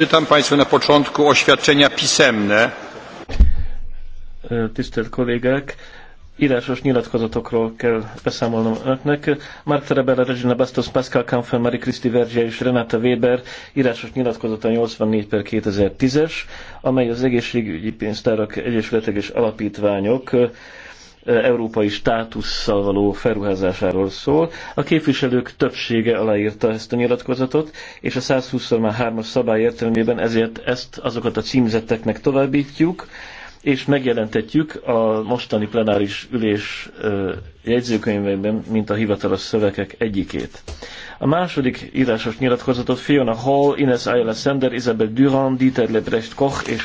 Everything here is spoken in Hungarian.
Czytam Państwu na początku oświadczenia pisemne. Tisztelt kollégák, írásos nyilatkozatokról kell beszámolnom önöknek. Mark Terebella, Regina Bastos, Pascal Kampfer, Marie Kriszti Vergia és Renata Weber írásos nyilatkozata 84 per 2010-es, amely az egészségügyi pénztárak egyesületek és alapítványok európai státusszal való felruházásáról szól. A képviselők többsége aláírta ezt a nyilatkozatot, és a 123-as szabály értelmében ezért ezt azokat a címzetteknek továbbítjuk, és megjelentetjük a mostani plenáris ülés jegyzőkönyveiben, mint a hivatalos szövegek egyikét. A második írásos nyilatkozatot Fiona Hall, Ines Ayala Sender, Isabel Durand, Dieter Lebrecht Koch és